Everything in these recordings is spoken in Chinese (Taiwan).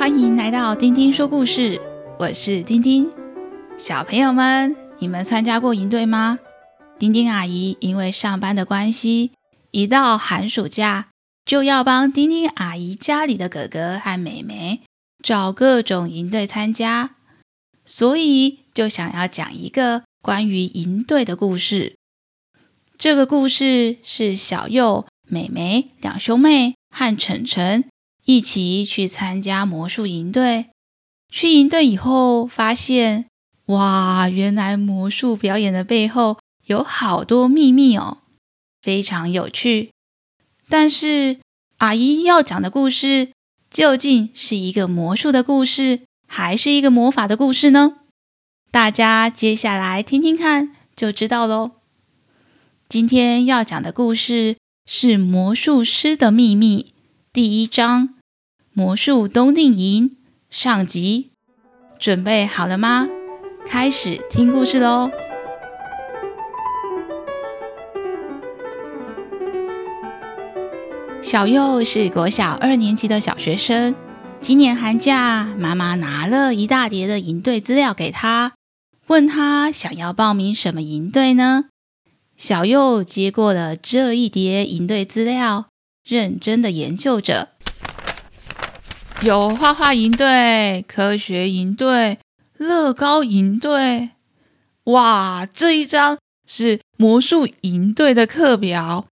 歡迎來到丁丁說故事，我是丁丁。小朋友們，你們參加過營隊嗎？丁丁阿姨因為上班的關係，一到寒暑假就要幫丁丁阿姨家裡的哥哥和妹妹找各種營隊參加，所以就想要講一個關於營隊的故事。這個故事是小佑、美美、兩兄妹和呈呈。一起去參加魔術營隊，去營隊以後發現，哇，原來魔術表演的背後有好多秘密哦，非常有趣。但是阿姨要講的故事，究竟是一個魔術的故事，還是一個魔法的故事呢？大家接下來聽聽看就知道嘍。今天要講的故事是《魔術師的秘密》第一章。魔術冬令營上集，準備好了嗎？開始聽故事嘍。小佑是國小二年級的小學生，今年寒假，媽媽拿了一大疊的營隊資料給他，問他想要報名什麼營隊呢？小佑接過了這一疊營隊資料，認真的研究着。有畫畫營隊、科學營隊、樂高營隊，哇！這一張是魔術營隊的課表。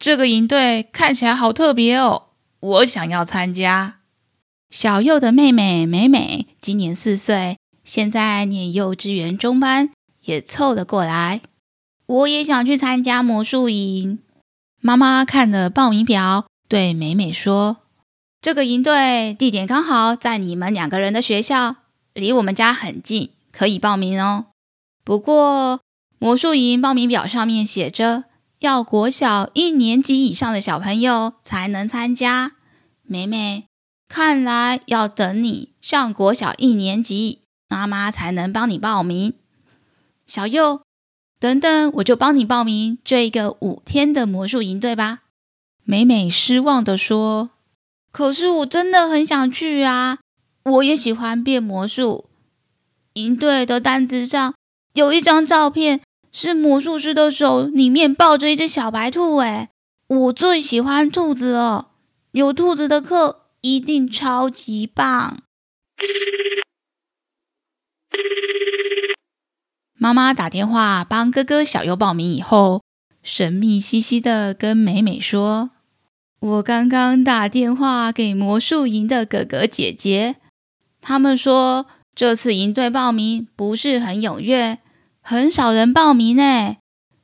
這個營隊看起來好特別哦，我想要參加。小佑的妹妹美美今年四歲，現在念幼稚園中班，也湊了過來。我也想去參加魔術營。媽媽看了報名表，對美美說。這個營隊地點剛好在你們兩個人的學校，離我們家很近，可以報名哦。不過魔術營報名表上面寫着，要國小一年級以上的小朋友才能參加。美美，看來要等你上國小一年級，媽媽才能幫你報名。小佑，等等，我就幫你報名這一個五天的魔術營隊吧。美美失望地說。可是我真的很想去啊！我也喜歡變魔術。營隊的單子上有一張照片，是魔術師的手裡面抱着一隻小白兔欸。哎，我最喜歡兔子了，有兔子的課一定超級棒。媽媽打電話幫哥哥小佑報名以後，神秘兮兮的跟美美說。我剛剛打電話給魔術營的哥哥姐姐，他們說這次營隊報名不是很踴躍，很少人報名呢。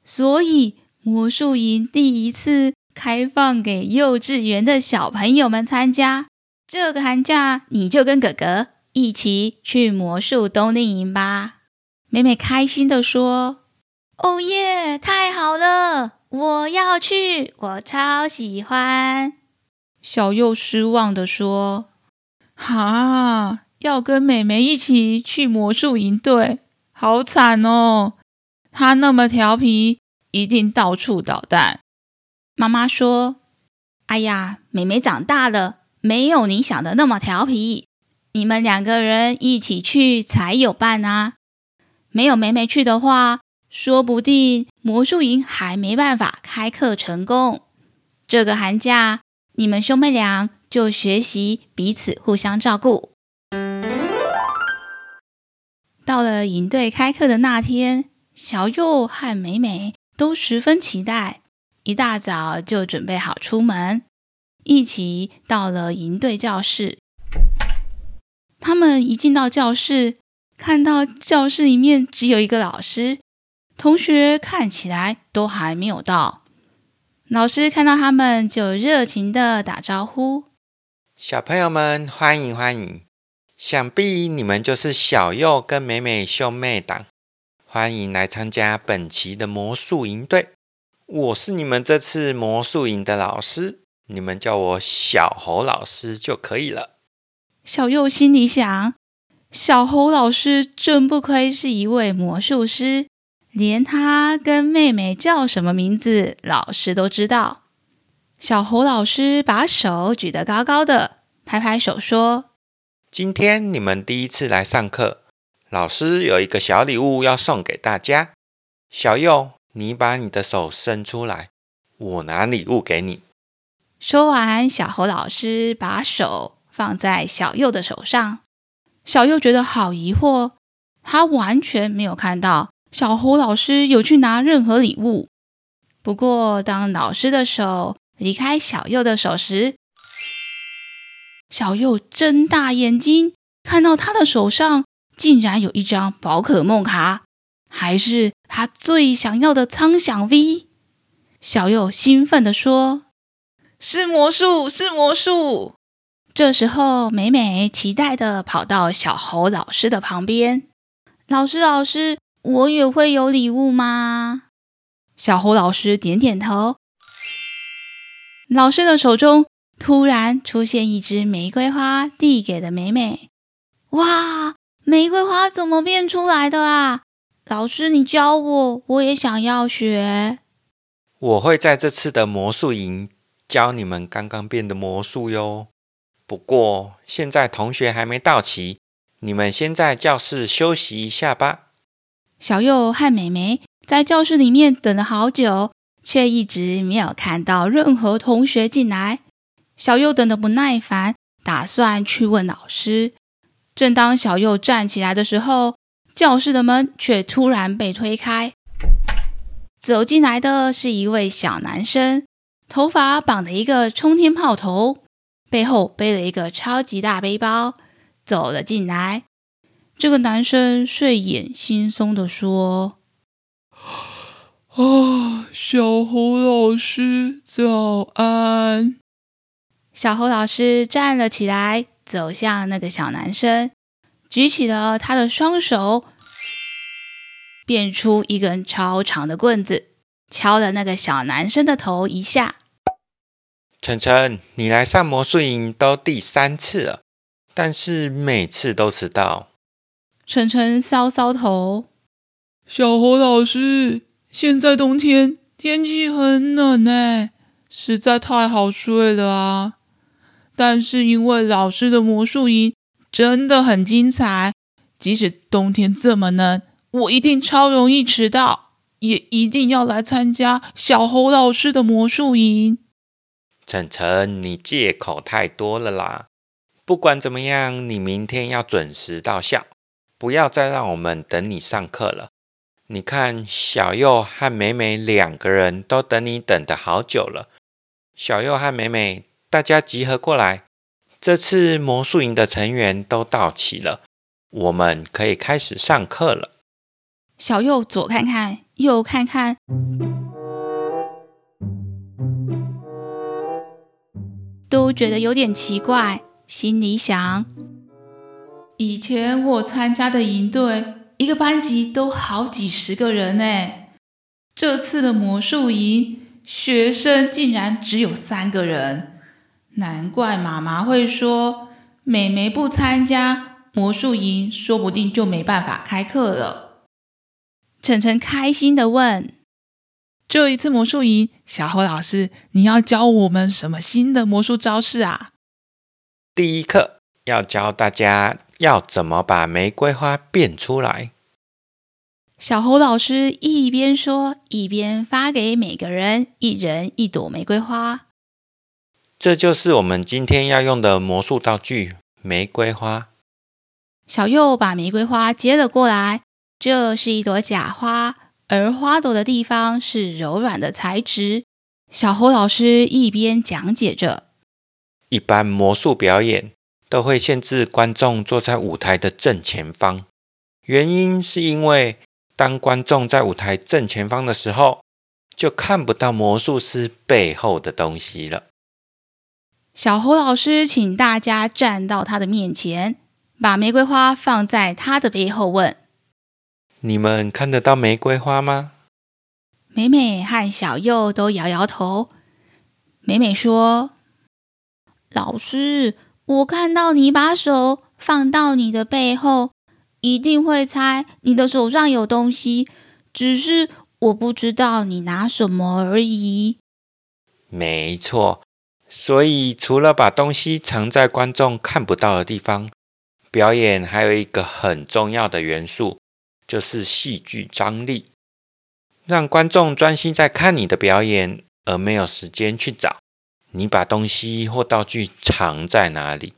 所以魔術營第一次開放給幼稚園的小朋友們參加。這個寒假你就跟哥哥一起去魔術冬令營吧！美美開心地說：“哦耶，太好了！”我要去，我超喜歡。小佑失望地說：“哈、啊，要跟美美一起去魔術營隊，好慘哦！她那麼調皮，一定到處搗蛋。”媽媽說：“哎呀，美美長大了，沒有你想的那麼調皮。你們兩個人一起去才有伴啊，沒有美美去的話。”說不定魔術營還沒辦法開課成功。這個寒假，你們兄妹倆就學習彼此互相照顧。到了營隊開課的那天，小佑和美美都十分期待，一大早就準備好出門，一起到了營隊教室。他們一進到教室，看到教室裡面只有一個老師。同學看起來都還沒有到，老師看到他們就熱情地打招呼：“小朋友們，歡迎歡迎！想必你們就是小佑跟美美兄妹黨，歡迎來參加本期的魔術營隊。我是你們這次魔術營的老師，你們叫我小猴老師就可以了。”小佑心裡想：“小猴老師真不愧是一位魔術師。”連他跟妹妹叫什麼名字，老師都知道。小猴老師把手舉得高高的，拍拍手說：“今天你們第一次來上課，老師有一個小禮物要送給大家。小佑，你把你的手伸出來，我拿禮物給你。”說完，小猴老師把手放在小佑的手上。小佑覺得好疑惑，他完全沒有看到。小猴老師有去拿任何禮物，不過當老師的手離開小佑的手時，小佑睜大眼睛，看到他的手上竟然有一張寶可夢卡，還是他最想要的蒼響 V。小佑興奮的說：“是魔術，是魔術！”這時候美美期待的跑到小猴老師的旁邊，老師，老師。我也會有禮物嗎？小猴老師點點頭。老師的手中突然出現一支玫瑰花，遞給了美美。哇，玫瑰花怎麼變出來的啊？老師，你教我，我也想要學。我會在這次的魔術營教你們剛剛變的魔術喲。不過現在同學還沒到齊，你們先在教室休息一下吧。小佑和美美在教室裡面等了好久，卻一直沒有看到任何同學進來。小佑等得不耐煩，打算去問老師。正當小佑站起來的時候，教室的門卻突然被推開。走進來的是一位小男生，頭髮綁著一個沖天炮頭，背後背了一個超級大背包，走了進來。這個男生睡眼惺忪的說：“啊、哦，小侯老師，早安。”小侯老師站了起來，走向那個小男生，舉起了他的雙手，變出一根超長的棍子，敲了那個小男生的頭一下。呈呈，你來上魔術營都第三次了，但是每次都遲到。呈呈搔搔頭，小猴老師，現在冬天天氣很冷呢、欸，實在太好睡了啊！但是因為老師的魔術營真的很精彩，即使冬天這麼冷，我一定超容易遲到，也一定要來參加小猴老師的魔術營。呈呈，你借口太多了啦！不管怎麼樣，你明天要準時到校。不要再讓我們等你上課了！你看，小佑和美美兩個人都等你等的好久了。小佑和美美，大家集合過來，這次魔術營的成員都到齊了，我們可以開始上課了。小佑左看看，右看看，都覺得有點奇怪，心裡想。以前我參加的營隊，一個班級都好幾十個人呢。這次的魔術營學生竟然只有三個人，難怪媽媽會說美美不參加魔術營，說不定就沒辦法開課了。呈呈開心的問：“這一次魔術營，小何老師，你要教我們什麼新的魔術招式啊？”第一課要教大家。要怎麼把玫瑰花變出來？小猴老師一邊說，一邊發給每個人一人一朵玫瑰花。這就是我們今天要用的魔術道具——玫瑰花。小佑把玫瑰花接了過來，這是一朵假花，而花朵的地方是柔軟的材質。小猴老師一邊講解着，一般魔術表演，都會限制觀眾坐在舞台的正前方，原因是因為當觀眾在舞台正前方的時候，就看不到魔術師背後的東西了。小侯老師，請大家站到他的面前，把玫瑰花放在他的背後，問：你們看得到玫瑰花嗎？美美和小佑都搖搖頭。美美說：“老師。”我看到你把手放到你的背後，一定會猜你的手上有東西，只是我不知道你拿什麼而已。沒錯，所以除了把東西藏在觀眾看不到的地方，表演還有一個很重要的元素，就是戲劇張力，讓觀眾專心在看你的表演，而沒有時間去找。你把東西或道具藏在哪裡？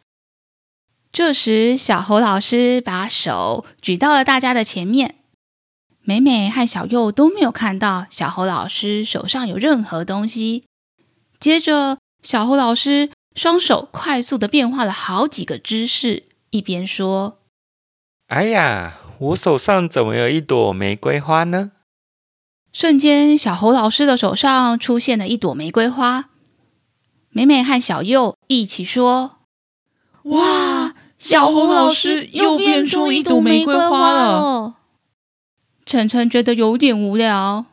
這時，小猴老師把手舉到了大家的前面。美美和小佑都沒有看到小猴老師手上有任何東西。接着，小猴老師雙手快速的變化了好幾個姿勢，一邊說：“哎呀，我手上怎麼有一朵玫瑰花呢？”瞬間，小猴老師的手上出現了一朵玫瑰花。美美和小佑一起說哇：“哇，小侯老師又變出一朵玫瑰花了！”呈呈覺得有點無聊。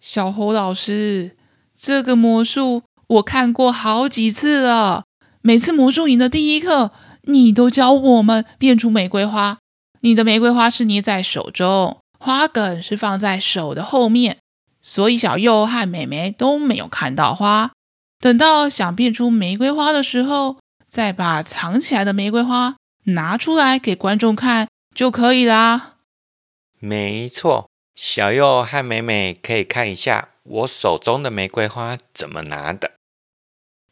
小侯老師，這個魔術我看過好幾次了。每次魔術營的第一課，你都教我們變出玫瑰花。你的玫瑰花是捏在手中，花梗是放在手的後面，所以小佑和美美都沒有看到花。等到想變出玫瑰花的時候，再把藏起來的玫瑰花拿出來給觀眾看就可以啦。沒錯，小佑和美美可以看一下我手中的玫瑰花怎麼拿的。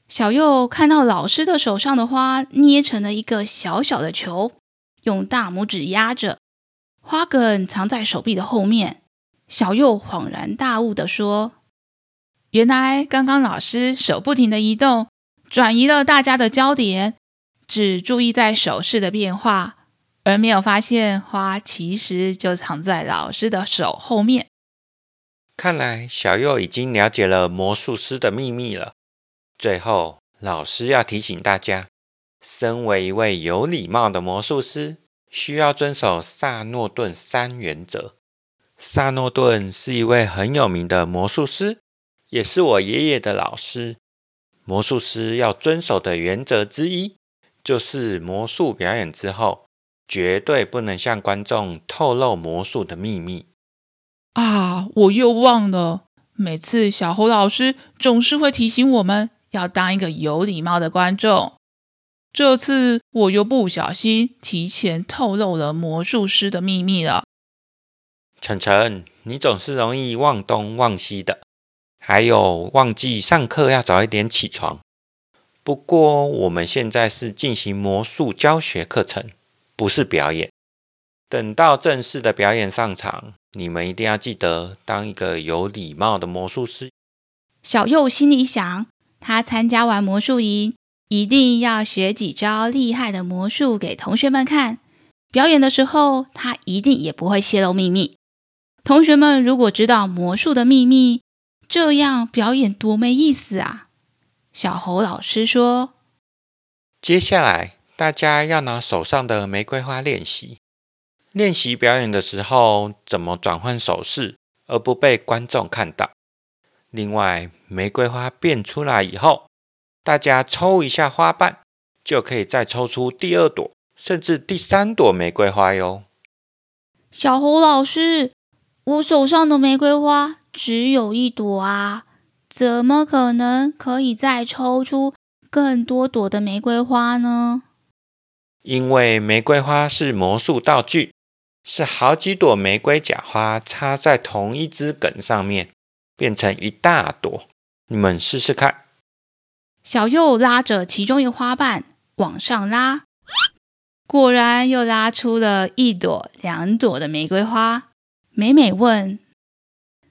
小佑看到老師的手上的花捏成了一個小小的球，用大拇指壓着，花梗藏在手臂的後面。小佑恍然大悟地說。原來，剛剛老師手不停地移動，轉移了大家的焦點，只注意在手勢的變化，而沒有發現花其實就藏在老師的手後面。看來小佑已經了解了魔術師的秘密了。最後，老師要提醒大家，身為一位有禮貌的魔術師，需要遵守薩諾頓三原則。薩諾頓是一位很有名的魔術師。也是我爺爺的老師。魔術師要遵守的原則之一，就是魔術表演之後，絕對不能向觀眾透露魔術的秘密。啊！我又忘了，每次小猴老師總是會提醒我們，要當一個有禮貌的觀眾。這次我又不小心提前透露了魔術師的秘密了。呈呈，你總是容易忘東忘西的。還有，忘記上課要早一點起床。不過，我們現在是進行魔術教學課程，不是表演。等到正式的表演上場，你們一定要記得當一個有禮貌的魔術師。小佑心裡想，他參加完魔術營，一定要學幾招厲害的魔術給同學們看。表演的時候，他一定也不會泄露秘密。同學們如果知道魔術的秘密，這樣表演多沒意思啊！小猴老師說：“接下來大家要拿手上的玫瑰花練習，練習表演的時候怎麼轉換手勢而不被觀眾看到。另外，玫瑰花變出來以後，大家抽一下花瓣，就可以再抽出第二朵，甚至第三朵玫瑰花喲。”小猴老師，我手上的玫瑰花。只有一朵啊，怎麼可能可以再抽出更多朵的玫瑰花呢？因為玫瑰花是魔術道具，是好幾朵玫瑰假花插在同一支梗上面，變成一大朵。你們試試看。小佑拉着其中一個花瓣往上拉，果然又拉出了一朵、兩朵的玫瑰花。美美問。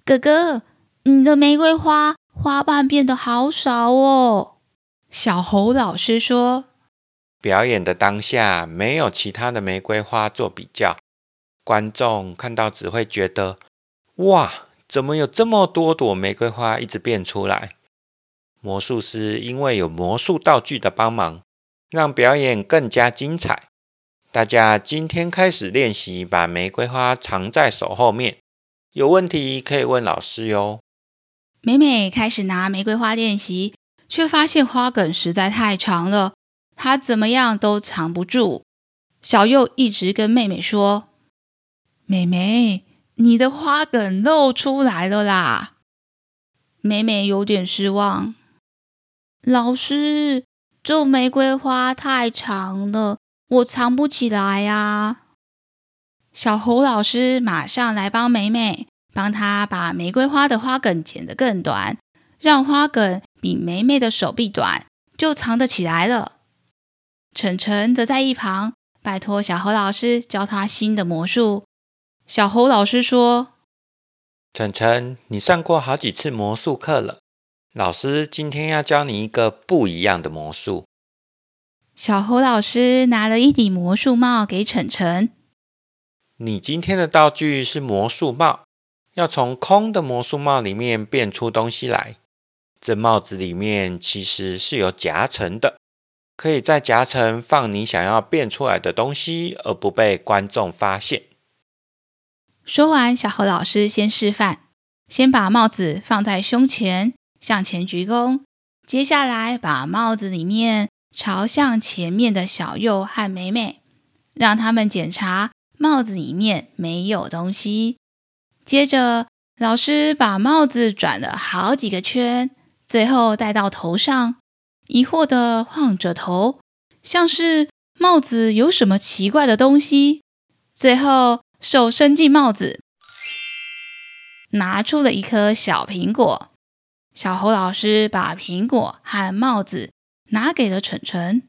哥哥，你的玫瑰花花瓣變得好少哦。小猴老師說，表演的當下沒有其他的玫瑰花做比較，觀眾看到只會覺得哇，怎麼有這麼多朵玫瑰花一直變出來？魔術師因為有魔術道具的幫忙，讓表演更加精彩。大家今天開始練習，把玫瑰花藏在手後面。有問題可以問老師喲、哦。美美開始拿玫瑰花練習，卻發現花梗實在太長了，她怎麼樣都藏不住。小佑一直跟妹妹說：“美美，你的花梗露出來了啦！”美美有點失望。老師，這玫瑰花太長了，我藏不起來呀、啊。小猴老師馬上來幫梅梅，幫她把玫瑰花的花梗剪得更短，讓花梗比梅梅的手臂短，就藏得起來了。晨晨則在一旁拜託小猴老師教她新的魔術。小猴老師說：“晨晨，你上過好幾次魔術課了，老師今天要教你一個不一樣的魔術。”小猴老師拿了一頂魔術帽給晨晨。你今天的道具是魔術帽，要從空的魔術帽裡面變出東西來。這帽子裡面其實是有夾層的，可以在夾層放你想要變出來的東西，而不被觀眾發現。說完，小何老師先示範，先把帽子放在胸前，向前鞠躬。接下來，把帽子裡面朝向前面的小佑和美美，讓他們檢查。帽子裡面沒有東西。接着，老師把帽子轉了好幾個圈，最後戴到頭上，疑惑地晃着頭，像是帽子有什麼奇怪的東西。最後，手伸進帽子，拿出了一顆小蘋果。小猴老師把蘋果和帽子拿給了呈呈。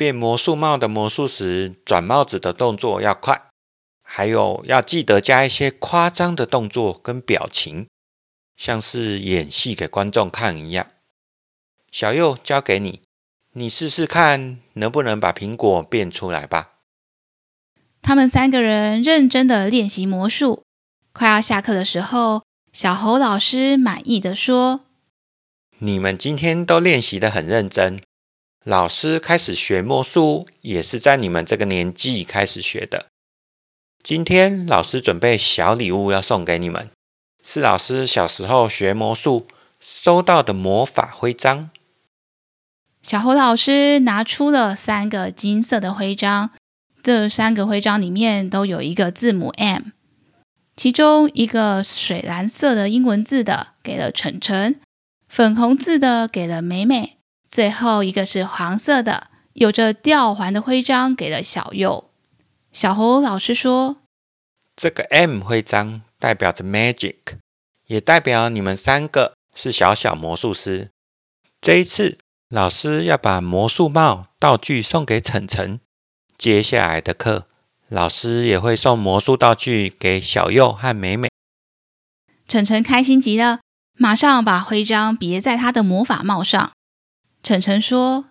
變魔術帽的魔術時，轉帽子的動作要快，還有要記得加一些誇張的動作跟表情，像是演戲給觀眾看一樣。小佑，交給你，你試試看能不能把蘋果變出來吧。他們三個人認真的練習魔術，快要下課的時候，小侯老師滿意的說：“你們今天都練習的很認真。”老師開始學魔術，也是在你們這個年紀開始學的。今天老師準備小禮物要送給你們，是老師小時候學魔術收到的魔法徽章。小猴老師拿出了三個金色的徽章，這三個徽章裡面都有一個字母 M，其中一個水藍色的英文字的給了呈呈，粉紅字的給了美美。最後一個是黃色的，有着吊環的徽章給了小佑。小猴老師說：“這個 M 徽章代表着 magic，也代表你們三個是小小魔術師。”這一次，老師要把魔術帽道具送給呈呈。接下來的課，老師也會送魔術道具給小佑和美美。呈呈開心極了，馬上把徽章別在他的魔法帽上。呈呈說：“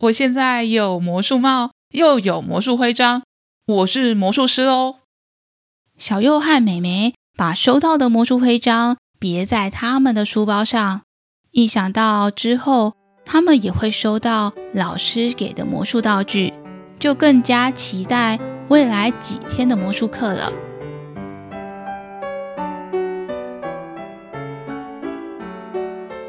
我現在有魔術帽，又有魔術徽章，我是魔術師哦。”小佑和美美把收到的魔術徽章別在他們的書包上，一想到之後他們也會收到老師給的魔術道具，就更加期待未來幾天的魔術課了。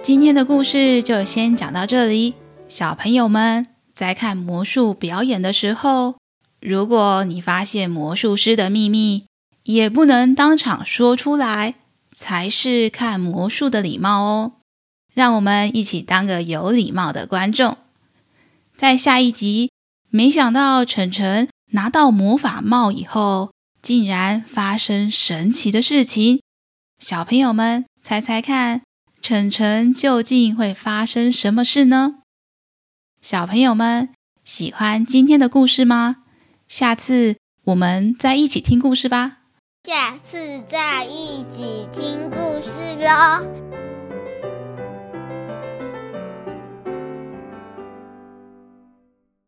今天的故事就先講到這裡。小朋友們在看魔術表演的時候，如果你發現魔術師的秘密，也不能當場說出來，才是看魔術的禮貌哦。讓我們一起當個有禮貌的觀眾。在下一集，沒想到呈呈拿到魔法帽以後，竟然發生神奇的事情。小朋友們，猜猜看？呈呈究竟會發生什麼事呢？小朋友們，喜歡今天的故事嗎？下次我們再一起聽故事吧。下次再一起聽故事嘍。